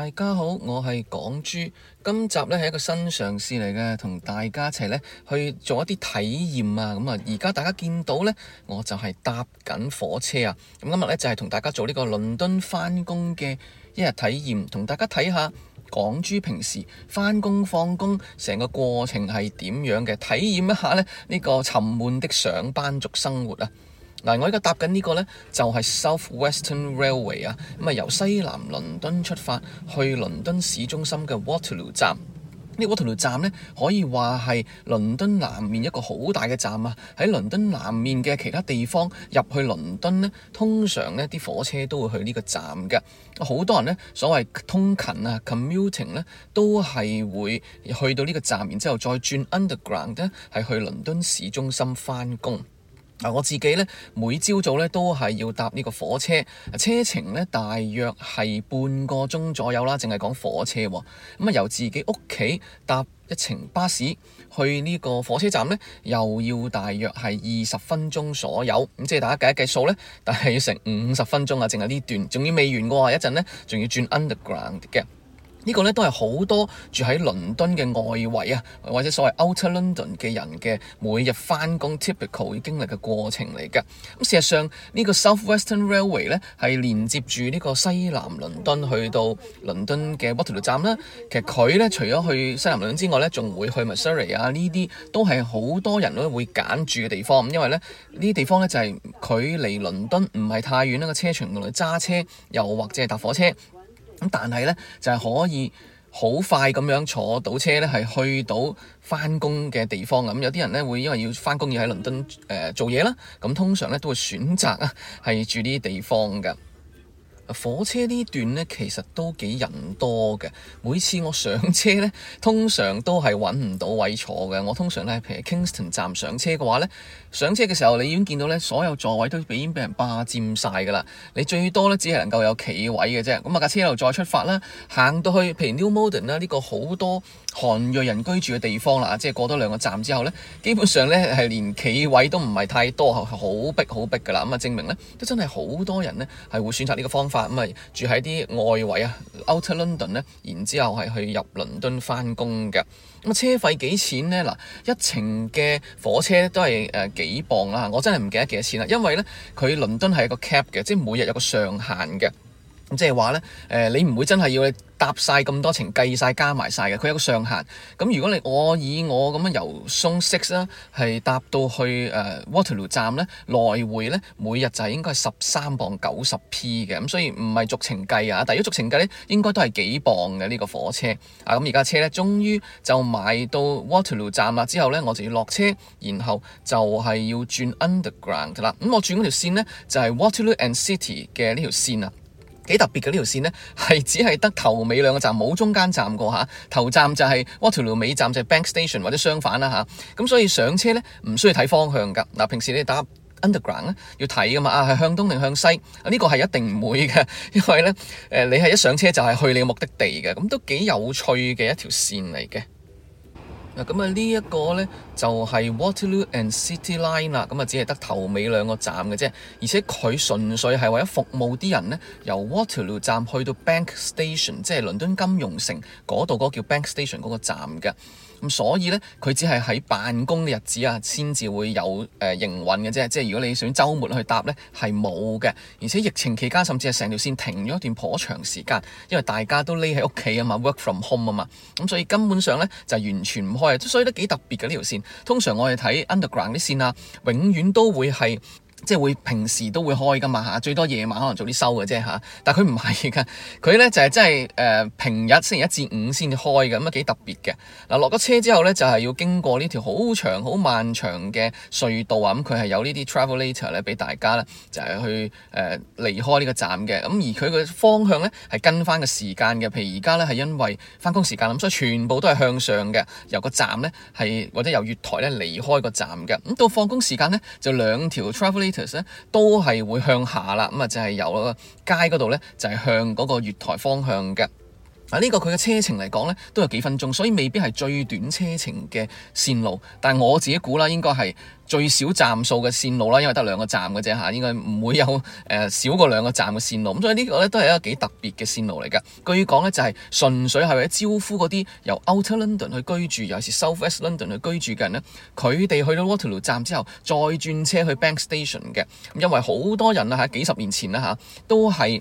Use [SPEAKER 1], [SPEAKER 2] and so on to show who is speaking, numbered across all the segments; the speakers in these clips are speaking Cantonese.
[SPEAKER 1] 大家好，我係港豬。今集呢係一個新嘗試嚟嘅，同大家一齊呢去做一啲體驗啊。咁啊，而家大家見到呢，我就係搭緊火車啊。咁今日呢，就係同大家做呢個倫敦返工嘅一日體驗，同大家睇下港豬平時返工放工成個過程係點樣嘅，體驗一下呢，呢個沉悶的上班族生活啊。啊、我而家搭緊呢個呢，就係、是、South Western Railway 啊，咁啊由西南倫敦出發去倫敦市中心嘅 Waterloo 站。呢、這個、Waterloo 站呢，可以話係倫敦南面一個好大嘅站啊。喺倫敦南面嘅其他地方入去倫敦呢，通常呢啲火車都會去呢個站嘅。好多人呢，所謂通勤啊，commuting 呢，都係會去到呢個站，然之後再轉 Underground 呢，係去倫敦市中心返工。我自己呢，每朝早呢都係要搭呢個火車，車程呢，大約係半個鐘左右啦，淨係講火車喎。咁啊，由自己屋企搭一程巴士去呢個火車站呢，又要大約係二十分鐘左右。咁即係大家計一計數呢，但係要成五十分鐘啊，淨係呢段，仲要未完嘅話、哦，一陣呢，仲要轉 underground 嘅。個呢個咧都係好多住喺倫敦嘅外圍啊，或者所謂 Outer London 嘅人嘅每日返工 typical 要經歷嘅過程嚟㗎。咁事實上，這個、呢個 South Western Railway 咧係連接住呢個西南倫敦去到倫敦嘅 Waterloo 站啦。其實佢咧除咗去西南倫敦之外咧，仲會去 Missouri 啊呢啲，都係好多人都會揀住嘅地方，因為咧呢啲地方咧就係、是、距離倫敦唔係太遠啦。一個車程用嚟揸車，又或者係搭火車。但係咧，就係、是、可以好快咁樣坐到車咧，係去到返工嘅地方啦。咁、嗯、有啲人咧會因為要返工要喺倫敦誒、呃、做嘢啦，咁、嗯、通常咧都會選擇啊係住呢啲地方㗎。火車呢段呢，其實都幾人多嘅。每次我上車呢，通常都係揾唔到位坐嘅。我通常咧，譬如 Kingston 站上車嘅話呢，上車嘅時候你已經見到呢，所有座位都已經畀人霸佔晒㗎啦。你最多呢，只係能夠有企位嘅啫。咁啊，架車又再出發啦，行到去譬如 New Milton 啦，呢個好多。韓裔人居住嘅地方啦，即係過多兩個站之後咧，基本上咧係連企位都唔係太多，好逼好逼噶啦。咁啊，證明咧都真係好多人咧係會選擇呢個方法，咁啊住喺啲外圍啊，Outer London 咧，然之後係去入倫敦返工㗎。咁啊，車費幾錢咧？嗱，一程嘅火車都係誒幾磅啦，我真係唔記得幾多錢啦，因為咧佢倫敦係一個 cap 嘅，即係每日有個上限嘅。咁即係話呢，誒、呃，你唔會真係要搭晒咁多程，計晒加埋晒嘅。佢有一個上限。咁如果你我以我咁樣由松釋啦，係搭到去誒、呃、Waterloo 站呢，來回呢，每日就係應該係十三磅九十 p 嘅。咁所以唔係逐程計啊。但係如果逐程計呢，應該都係幾磅嘅呢、這個火車啊。咁而家車呢，終於就埋到 Waterloo 站啦。之後呢，我就要落車，然後就係要轉 Underground 啦。咁我轉嗰條線咧，就係、是、Waterloo and City 嘅呢條線啊。幾特別嘅呢條線呢，係只係得頭尾兩個站，冇中間站過吓。頭站就係 Waterloo，尾站就係 Bank Station 或者相反啦吓。咁、啊、所以上車呢，唔需要睇方向噶。嗱，平時你打 Underground 咧要睇噶嘛，啊係向東定向西？呢個係一定唔會嘅，因為咧誒你係一上車就係去你嘅目的地嘅，咁都幾有趣嘅一條線嚟嘅。咁啊，呢一個呢，就係 Waterloo and City Line 啦，咁啊，只係得頭尾兩個站嘅啫，而且佢純粹係為咗服務啲人呢，由 Waterloo 站去到 Bank Station，即係倫敦金融城嗰度嗰個叫 Bank Station 嗰個站嘅。咁所以呢，佢只係喺辦公嘅日子啊，先至會有誒、呃、營運嘅啫。即係如果你想週末去搭呢，係冇嘅。而且疫情期間，甚至係成條線停咗一段頗長時間，因為大家都匿喺屋企啊嘛，work from home 啊嘛。咁、嗯、所以根本上呢，就、完全唔開啊。所以都幾特別嘅呢條線。通常我哋睇 underground 啲線啊，永遠都會係。即係會平時都會開噶嘛吓，最多夜晚可能早啲收嘅啫吓，但佢唔係㗎，佢咧，就係真係誒平日星期一至五先至開嘅，咁啊幾特別嘅。嗱落咗車之後咧，就係要經過呢條好長好漫長嘅隧道啊。咁佢係有呢啲 travelator 咧，俾大家咧就係去誒離開呢個站嘅。咁而佢嘅方向咧係跟翻個時間嘅。譬如而家咧係因為翻工時間啦，所以全部都係向上嘅，由個站咧係或者由月台咧離開個站嘅。咁到放工時間咧就兩條 travelator 咧都係會向下啦，咁啊就係由嗰個街嗰度呢，就係、是、向嗰個月台方向嘅。呢個佢嘅車程嚟講咧，都有幾分鐘，所以未必係最短車程嘅線路。但係我自己估啦，應該係最少站數嘅線路啦，因為得兩個站嘅啫嚇，應該唔會有誒、呃、少過兩個站嘅線路。咁所以個呢個咧都係一個幾特別嘅線路嚟㗎。據講咧就係、是、純粹係為咗招呼嗰啲由 Outer London 去居住，尤其是 South West London 去居住嘅人咧，佢哋去到 Waterloo 站之後，再轉車去 Bank Station 嘅。因為好多人啊喺幾十年前啦嚇，都係。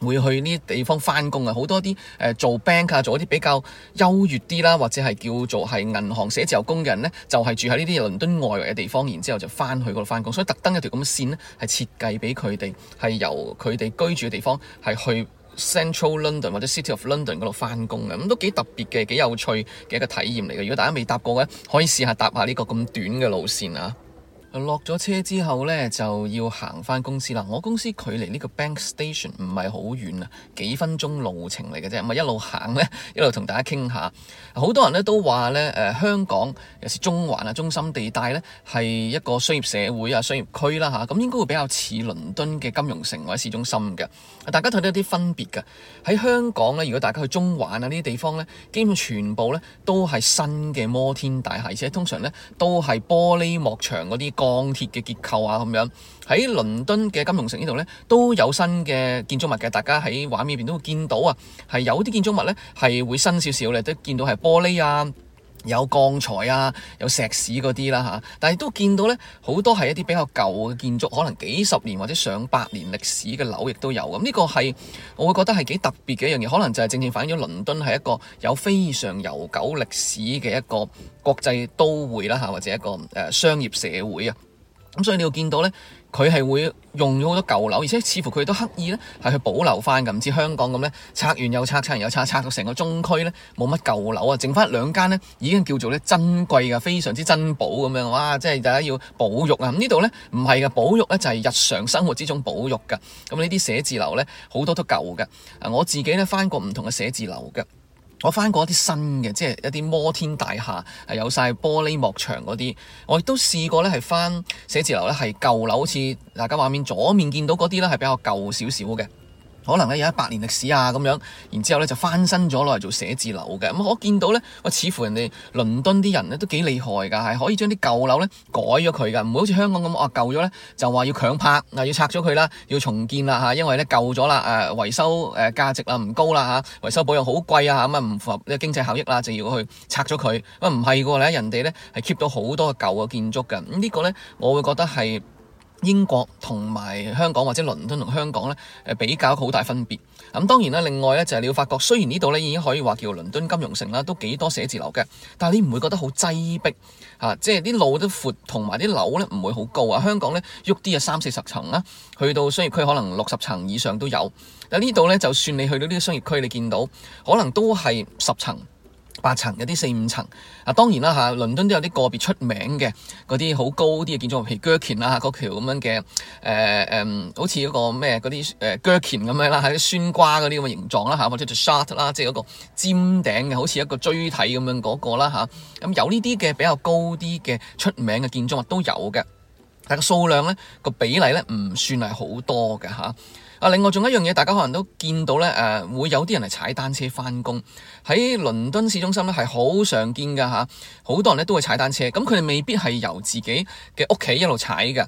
[SPEAKER 1] 會去呢啲地方返工啊！好多啲誒、呃、做 bank 啊，做一啲比較優越啲啦，或者係叫做係銀行寫字樓工人咧，就係、是、住喺呢啲倫敦外圍嘅地方，然之後就返去嗰度返工。所以特登有一條咁嘅線咧，係設計俾佢哋係由佢哋居住嘅地方係去 Central London 或者 City of London 嗰度返工嘅。咁、嗯、都幾特別嘅，幾有趣嘅一個體驗嚟嘅。如果大家未搭過嘅，可以試,試搭下搭下呢個咁短嘅路線啊！落咗車之後呢，就要行翻公司啦。我公司距離呢個 Bank Station 唔係好遠啊，幾分鐘路程嚟嘅啫。咪一路行呢，一路同大家傾下。好多人呢都話呢，誒，香港尤其中環啊，中心地帶呢係一個商業社會啊，商業區啦嚇，咁、嗯、應該會比較似倫敦嘅金融城或者市中心嘅。大家睇到啲分別嘅。喺香港呢，如果大家去中環啊呢啲地方呢，基本上全部呢都係新嘅摩天大廈，而且通常呢都係玻璃幕牆嗰啲。鋼鐵嘅結構啊，咁樣喺倫敦嘅金融城呢度呢，都有新嘅建築物嘅。大家喺畫面裏面都會見到啊，係有啲建築物呢係會新少少嘅，都見到係玻璃啊。有鋼材啊，有石屎嗰啲啦嚇，但係都見到呢，好多係一啲比較舊嘅建築，可能幾十年或者上百年歷史嘅樓亦都有咁，呢個係我會覺得係幾特別嘅一樣嘢，可能就係正正反映咗倫敦係一個有非常悠久歷史嘅一個國際都會啦嚇，或者一個誒商業社會啊，咁所以你會見到呢。佢係會用咗好多舊樓，而且似乎佢哋都刻意呢係去保留翻嘅，唔似香港咁呢拆完又拆，拆完又拆，拆到成個中區呢，冇乜舊樓啊，剩翻兩間呢已經叫做呢，珍貴噶，非常之珍寶咁樣，哇！即係大家要保育啊，咁呢度呢，唔係嘅保育呢就係、係、日常生活之中保育噶，咁呢啲寫字樓呢，好多都舊嘅，啊我自己呢，翻過唔同嘅寫字樓嘅。我返過一啲新嘅，即係一啲摩天大廈有晒玻璃幕牆嗰啲，我亦都試過呢係返寫字樓呢係舊樓，好似大家畫面左面見到嗰啲呢係比較舊少少嘅。可能有一百年歷史啊咁樣，然之後咧就翻新咗落嚟做寫字樓嘅。咁我見到咧，我似乎人哋倫敦啲人咧都幾厲害㗎，係可以將啲舊樓咧改咗佢㗎，唔會好似香港咁啊舊咗咧就話要強拍，要拆咗佢啦，要重建啦嚇，因為咧舊咗啦誒維修誒價值啦唔高啦嚇，啊，維修保養好貴啊咁啊唔符合呢經濟效益啦，就要去拆咗佢。咁啊唔係㗎，你睇人哋咧係 keep 到好多舊嘅建築㗎。咁、這個、呢個咧我會覺得係。英國同埋香港或者倫敦同香港呢，比較好大分別。咁當然啦，另外呢，就係你要發覺，雖然呢度呢已經可以話叫倫敦金融城啦，都幾多寫字樓嘅，但係你唔會覺得好擠逼嚇，啊，即係啲路都闊，同埋啲樓呢唔會好高啊。香港呢喐啲啊三四十層啦，去到商業區可能六十層以上都有。但呢度呢，就算你去到呢啲商業區，你見到可能都係十層。八層有啲四五層，啊當然啦嚇、啊，倫敦都有啲個別出名嘅嗰啲好高啲嘅建築物，譬如 Gherkin 啦、啊，嗰條咁樣嘅誒誒，好似嗰個咩嗰啲誒 Gherkin 咁樣啦，喺、啊、啲酸瓜嗰啲咁嘅形狀啦嚇、啊，或者就 Shard 啦，即係嗰個尖頂嘅，好似一個錐體咁樣嗰個啦嚇，咁、啊、有呢啲嘅比較高啲嘅出名嘅建築物都有嘅，但係個數量咧，個比例咧唔算係好多嘅嚇。啊啊，另外仲有一樣嘢，大家可能都見到咧，誒、呃、會有啲人係踩單車返工，喺倫敦市中心咧係好常見㗎嚇，好多人咧都會踩單車，咁佢哋未必係由自己嘅屋企一路踩㗎。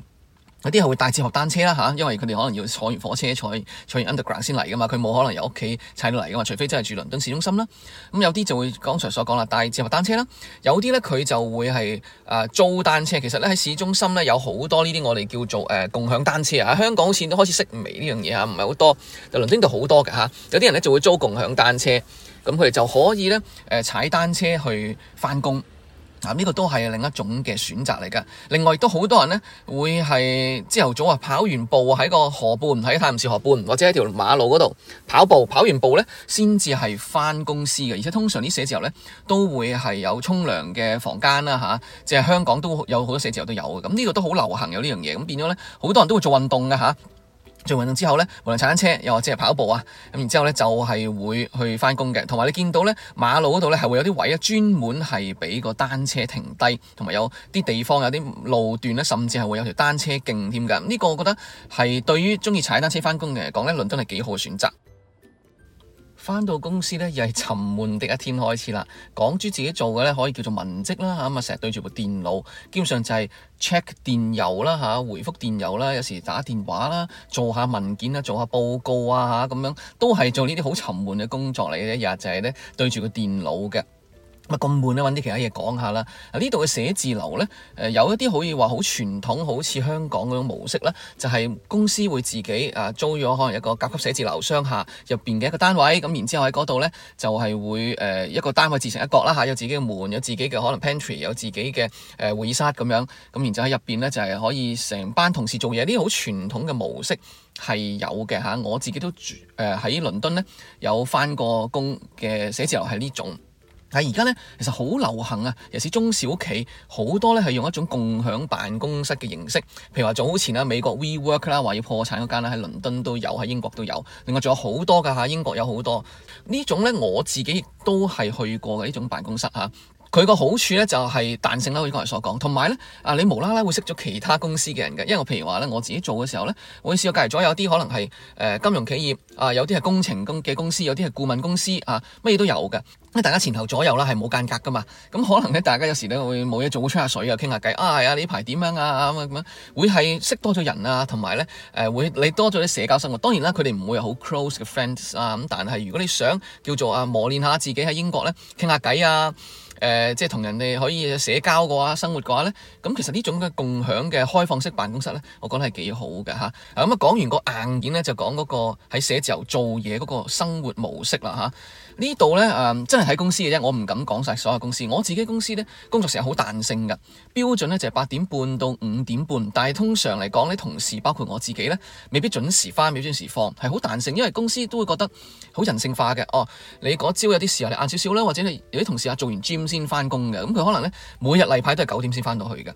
[SPEAKER 1] 有啲係會帶自學單車啦嚇，因為佢哋可能要坐完火車、坐完 underground 先嚟噶嘛，佢冇可能由屋企踩到嚟噶嘛，除非真係住倫敦市中心啦。咁有啲就會剛才所講啦，帶自學單車啦。有啲咧佢就會係誒租單車，其實咧喺市中心咧有好多呢啲我哋叫做誒共享單車啊。香港好似都開始式微呢樣嘢嚇，唔係好多，但倫敦度好多嘅嚇。有啲人咧就會租共享單車，咁佢哋就可以咧誒踩單車去翻工。嗱，呢個都係另一種嘅選擇嚟噶。另外都好多人咧，會係朝頭早啊，跑完步喺個河畔，喺泰晤士河畔，或者喺條馬路嗰度跑步。跑完步咧，先至係翻公司嘅。而且通常啲寫字樓咧，都會係有沖涼嘅房間啦，嚇、啊。即係香港都有好多寫字樓都有嘅。咁、這、呢個都好流行有呢樣嘢。咁變咗咧，好多人都會做運動嘅嚇。啊做運動之後呢，無論踩單車又或者係跑步啊，咁然之後呢，就係會去返工嘅。同埋你見到呢，馬路嗰度呢，係會有啲位啊，專門係畀個單車停低，同埋有啲地方有啲路段呢，甚至係會有條單車徑添㗎。呢、呢個我覺得係對於鍾意踩單車返工嘅嚟講呢，倫敦係幾好嘅選擇。返到公司呢，又係沉悶的一天開始啦。講住自己做嘅呢，可以叫做文職啦嚇，咁啊成日對住部電腦，基本上就係 check 電郵啦嚇，回覆電郵啦，有時打電話啦，做下文件啦，做下報告啊嚇，咁樣都係做呢啲好沉悶嘅工作嚟嘅，日日就係呢，對住個電腦嘅。咁悶啦！揾啲其他嘢講下啦。呢度嘅寫字樓呢，有一啲可以話好傳統，好似香港嗰種模式呢，就係公司會自己啊租咗可能一個甲級寫字樓商廈入邊嘅一個單位，咁然之後喺嗰度呢，就係會一個單位自成一國啦嚇，有自己嘅門，有自己嘅可能 pantry，有自己嘅誒會議室咁樣，咁然之後喺入邊呢，就係可以成班同事做嘢，呢啲好傳統嘅模式係有嘅嚇。我自己都住呃喺倫敦呢，有翻過工嘅寫字樓係呢種。但係而家咧，其實好流行啊！尤其是中小企好多咧，係用一種共享辦公室嘅形式。譬如話早前啦，美國 WeWork 啦，話要破產嗰間喺倫敦都有，喺英國都有。另外仲有好多噶嚇，英國有好多呢種咧。我自己亦都係去過嘅呢種辦公室嚇。佢、啊、個好處咧就係、是、彈性啦，好似剛才所講，同埋咧啊，你無啦啦會識咗其他公司嘅人嘅，因為我譬如話咧，我自己做嘅時候咧，我會試過隔離咗有啲可能係誒金融企業啊，有啲係工程公嘅公司，有啲係顧問公司啊，乜嘢都有嘅。大家前後左右啦，係冇間隔噶嘛，咁、嗯、可能咧，大家有時咧會冇嘢做出，吹下水啊，傾下偈啊，呀你呢排點樣啊，咁樣咁樣，會係識多咗人啊，同埋咧誒會你多咗啲社交生活。當然啦，佢哋唔會有好 close 嘅 friends 啊，咁但係如果你想叫做啊磨練下自己喺英國咧傾下偈啊。誒、呃，即係同人哋可以社交嘅話，生活嘅話咧，咁其實呢種嘅共享嘅開放式辦公室咧，我覺得係幾好㗎吓，咁啊，講完個硬件咧，就講嗰個喺寫字樓做嘢嗰個生活模式啦吓，呢度咧誒，真係喺公司嘅啫，我唔敢講晒所有公司。我自己公司咧，工作成日好彈性㗎。標準呢就係八點半到五點半，但係通常嚟講咧，你同事包括我自己呢，未必準時翻，未必準時放，係好彈性，因為公司都會覺得好人性化嘅。哦，你嗰朝有啲時候你晏少少啦，或者你有啲同事啊做完 gym 先翻工嘅，咁佢可能呢，每日例牌都係九點先翻到去嘅。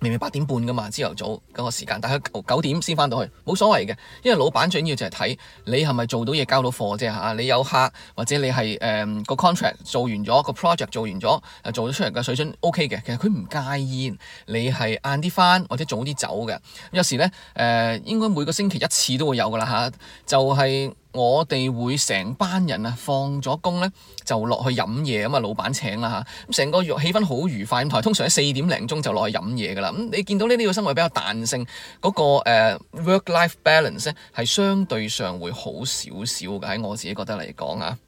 [SPEAKER 1] 明明八點半㗎嘛，朝頭早嗰個時間，大概九九點先返到去，冇所謂嘅，因為老闆最緊要就係睇你係咪做到嘢交到貨啫吓，你有客或者你係誒個 contract 做完咗，個 project 做完咗，做咗出嚟嘅水準 OK 嘅，其實佢唔介意你係晏啲返或者早啲走嘅，有時咧誒、呃、應該每個星期一次都會有㗎喇吓，就係、是。我哋會成班人啊，放咗工咧就落去飲嘢咁啊，老闆請啦吓，咁成個氣氛好愉快，同埋通常喺四點零鐘就落去飲嘢㗎喇，咁、嗯、你見到呢呢個生活比較彈性，嗰、那個、uh, work-life balance 咧係相對上會好少少嘅，喺我自己覺得嚟講啊。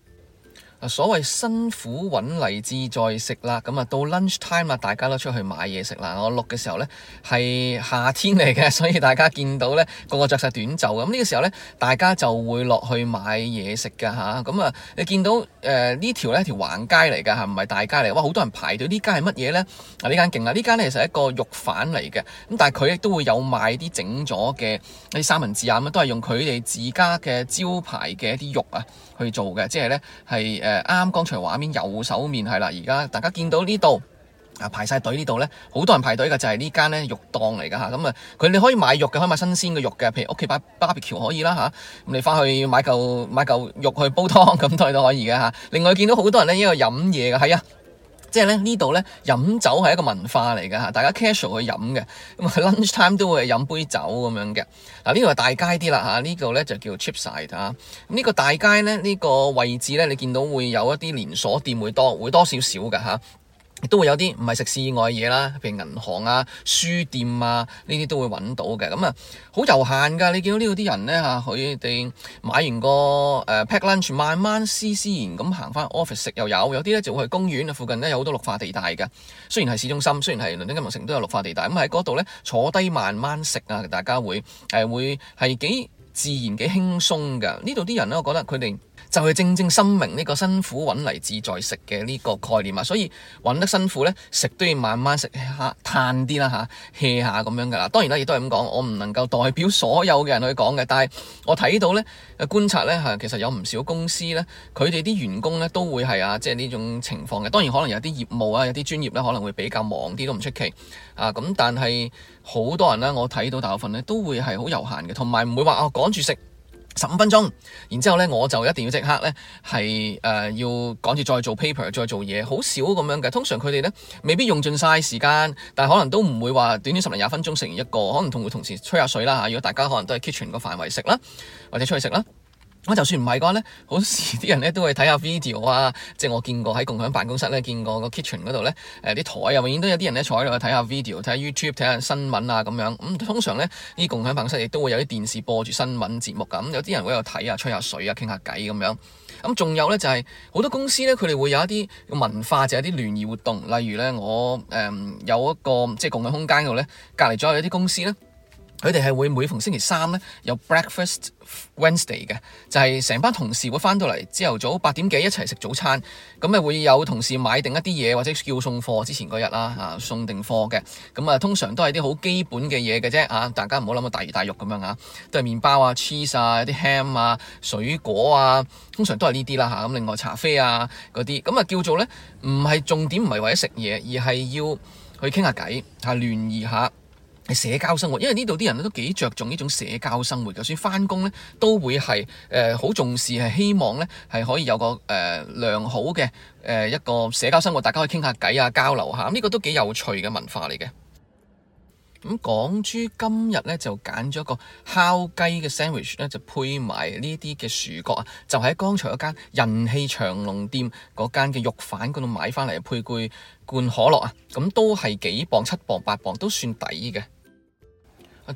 [SPEAKER 1] 所謂辛苦揾荔枝再食啦，咁啊到 lunch time 啦，大家都出去買嘢食啦。我錄嘅時候呢係夏天嚟嘅，所以大家見到呢個個着晒短袖。咁、這、呢個時候呢，大家就會落去買嘢食嘅吓，咁啊，你見到誒呢、呃、條呢條橫街嚟㗎嚇，唔係大街嚟。哇，好多人排隊。呢間係乜嘢呢？啊，呢間勁啦！呢間咧其實一個肉飯嚟嘅，咁但係佢亦都會有賣啲整咗嘅啲三文治啊，咁都係用佢哋自家嘅招牌嘅一啲肉啊去做嘅，即係呢，係。呃誒，啱啱剛才畫面右手面係啦，而家大家見到呢度啊排晒隊呢度咧，好多人排隊嘅就係、是、呢間咧肉檔嚟噶吓，咁啊佢哋可以買肉嘅，可以買新鮮嘅肉嘅，譬如屋企擺 barbecue 可以啦吓，咁、啊、你翻去買嚿買嚿肉去煲湯咁都都可以嘅吓、啊。另外見到好多人咧喺度飲嘢嘅，係啊。即係咧呢度咧飲酒係一個文化嚟嘅嚇，大家 casual 去飲嘅咁啊，lunch time 都會飲杯酒咁樣嘅嗱。呢度係大街啲啦嚇，呢度咧就叫 Cheapside 啊。呢、呢個大街咧呢、呢個位置咧，你見到會有一啲連鎖店會多會多少少嘅嚇。都會有啲唔係食肆以外嘅嘢啦，譬如銀行啊、書店啊呢啲都會揾到嘅。咁啊，好悠閒㗎。你見到呢度啲人呢，吓，佢哋買完個誒 pack lunch，慢慢絲絲然咁行返 office 食又有，有啲呢就會去公園附近呢有好多綠化地帶㗎。雖然係市中心，雖然係倫敦金融城都有綠化地帶，咁喺嗰度呢坐低慢慢食啊，大家會誒會係幾自然幾輕鬆㗎。呢度啲人呢，我覺得佢哋，就係正正深明呢個辛苦揾嚟自在食嘅呢個概念啊，所以揾得辛苦呢，食都要慢慢食下，嘆啲啦嚇，歇下咁樣噶啦。當然啦，亦都係咁講，我唔能夠代表所有嘅人去講嘅。但係我睇到呢，誒觀察呢，嚇，其實有唔少公司呢，佢哋啲員工呢，都會係啊，即係呢種情況嘅。當然可能有啲業務啊，有啲專業呢，可能會比較忙啲，都唔出奇啊。咁但係好多人呢，我睇到大部分呢都會係好悠閒嘅，同埋唔會話啊趕住食。哦十五分鐘，然之後呢，我就一定要即刻呢，係誒、呃、要趕住再做 paper 再做嘢，好少咁樣嘅。通常佢哋呢，未必用盡晒時間，但可能都唔會話短短十零廿分鐘食完一個，可能同會同時吹下水啦嚇。如果大家可能都係 kitchen 住個範圍食啦，或者出去食啦。咁就算唔係嘅話咧，好多時啲人呢都會睇下 video 啊，即係我見過喺共享辦公室呢，見過個 kitchen 嗰度呢，誒啲台啊，永遠都有啲人呢坐喺度睇下 video，睇下 YouTube，睇下新聞啊咁樣。咁通常呢啲共享辦公室亦都會有啲電視播住新聞節目咁。有啲人會有睇啊，吹下水啊，傾下偈咁樣。咁仲有呢，就係好多公司呢，佢哋會有一啲文化就係一啲聯誼活動，例如呢，我誒有一個即係共享空間嗰度咧，隔離左右有一啲公司呢。佢哋係會每逢星期三咧有 Breakfast Wednesday 嘅，就係成班同事會返到嚟朝頭早八點幾一齊食早餐，咁誒會有同事買定一啲嘢，或者叫送貨之前嗰日啦嚇送定貨嘅，咁啊通常都係啲好基本嘅嘢嘅啫啊，大家唔好諗到大魚大肉咁樣啊，都係麪包啊、cheese 啊、啲 ham 啊、水果啊，通常都係呢啲啦嚇。咁、啊、另外茶啡啊嗰啲，咁啊叫做咧唔係重點，唔係為咗食嘢，而係要去傾下偈嚇聯誼下，社交生活，因為呢度啲人都幾着重呢種社交生活，就算返工呢，都會係誒好重視，係希望呢係可以有個誒、呃、良好嘅誒、呃、一個社交生活，大家可以傾下偈啊，交流下，呢、這個都幾有趣嘅文化嚟嘅。咁、嗯、港豬今日呢，就揀咗一個烤雞嘅 sandwich 咧，就配埋呢啲嘅薯角啊，就喺剛才嗰間人氣長龍店嗰間嘅肉販嗰度買返嚟，配句罐可樂啊，咁、嗯、都係幾磅、七磅、八磅都算抵嘅。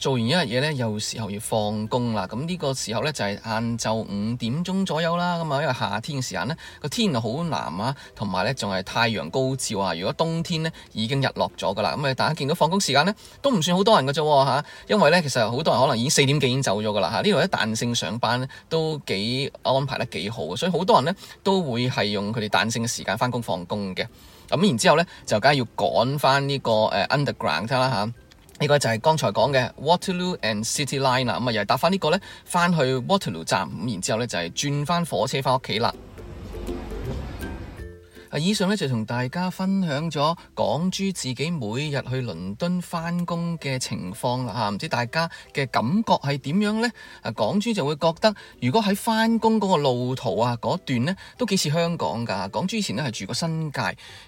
[SPEAKER 1] 做完一日嘢呢，有時候要放工啦。咁呢個時候呢，就係晏晝五點鐘左右啦。咁啊，因為夏天嘅時間呢，個天好藍啊，同埋呢仲係太陽高照啊。如果冬天呢已經日落咗噶啦。咁啊，大家見到放工時間呢，都唔算好多人嘅啫喎嚇。因為呢，其實好多人可能已經四點幾已經走咗噶啦嚇。呢度啲彈性上班呢都幾安排得幾好，所以好多人呢都會係用佢哋彈性嘅時間翻工放工嘅。咁然之後呢，就梗係要趕翻呢個誒 underground 啦嚇、啊。呢個就係剛才講嘅 Waterloo and City Line 啦，咁啊又係搭翻呢個呢，翻去 Waterloo 站，咁然之後就係轉翻火車翻屋企啦。以上呢，就同大家分享咗港豬自己每日去倫敦翻工嘅情況啦吓，唔知大家嘅感覺係點樣咧？啊，港豬就會覺得如果喺翻工個路途啊段咧都幾似香港㗎，啊。港豬以前咧係住過新界，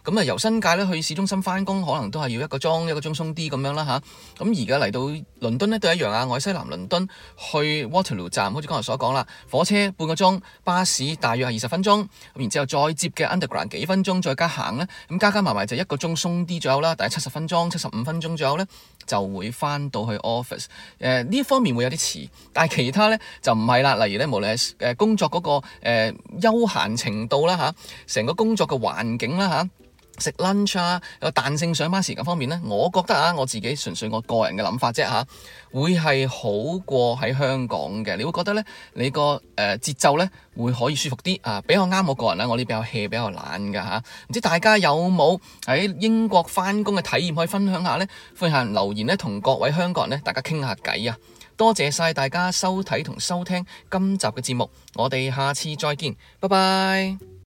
[SPEAKER 1] 咁啊由新界咧去市中心翻工，可能都係要一個鐘一個鐘鬆啲咁樣啦吓。咁，啊啊，而家嚟到倫敦咧都一樣啊，我喺西南倫敦去 Waterloo 站，好似剛才所講啦，火車半個鐘，巴士大約係二十分鐘，咁然之後再接嘅 Underground 幾分。分鐘再加行咧，咁加加埋埋就一個鐘鬆啲左右啦，但係七十分鐘、七十五分鐘左右咧，就會翻到去 office。誒、呃、呢方面會有啲遲，但係其他咧就唔係啦。例如咧，無論係誒工作嗰、嗰個誒、呃、休閒程度啦吓，成個工作嘅環境啦吓。呃食 lunch 啊，有彈性上班時間方面呢，我覺得啊，我自己純粹我個人嘅諗法啫嚇，會係好過喺香港嘅。你會覺得呢，你個誒節奏呢會可以舒服啲啊，比較啱我個人啦。我呢比較 hea 比較懶嘅嚇，唔知大家有冇喺英國返工嘅體驗可以分享下呢？歡迎留言咧，同各位香港人咧，大家傾下偈啊！多謝晒大家收睇同收聽今集嘅節目，我哋下次再見，拜拜。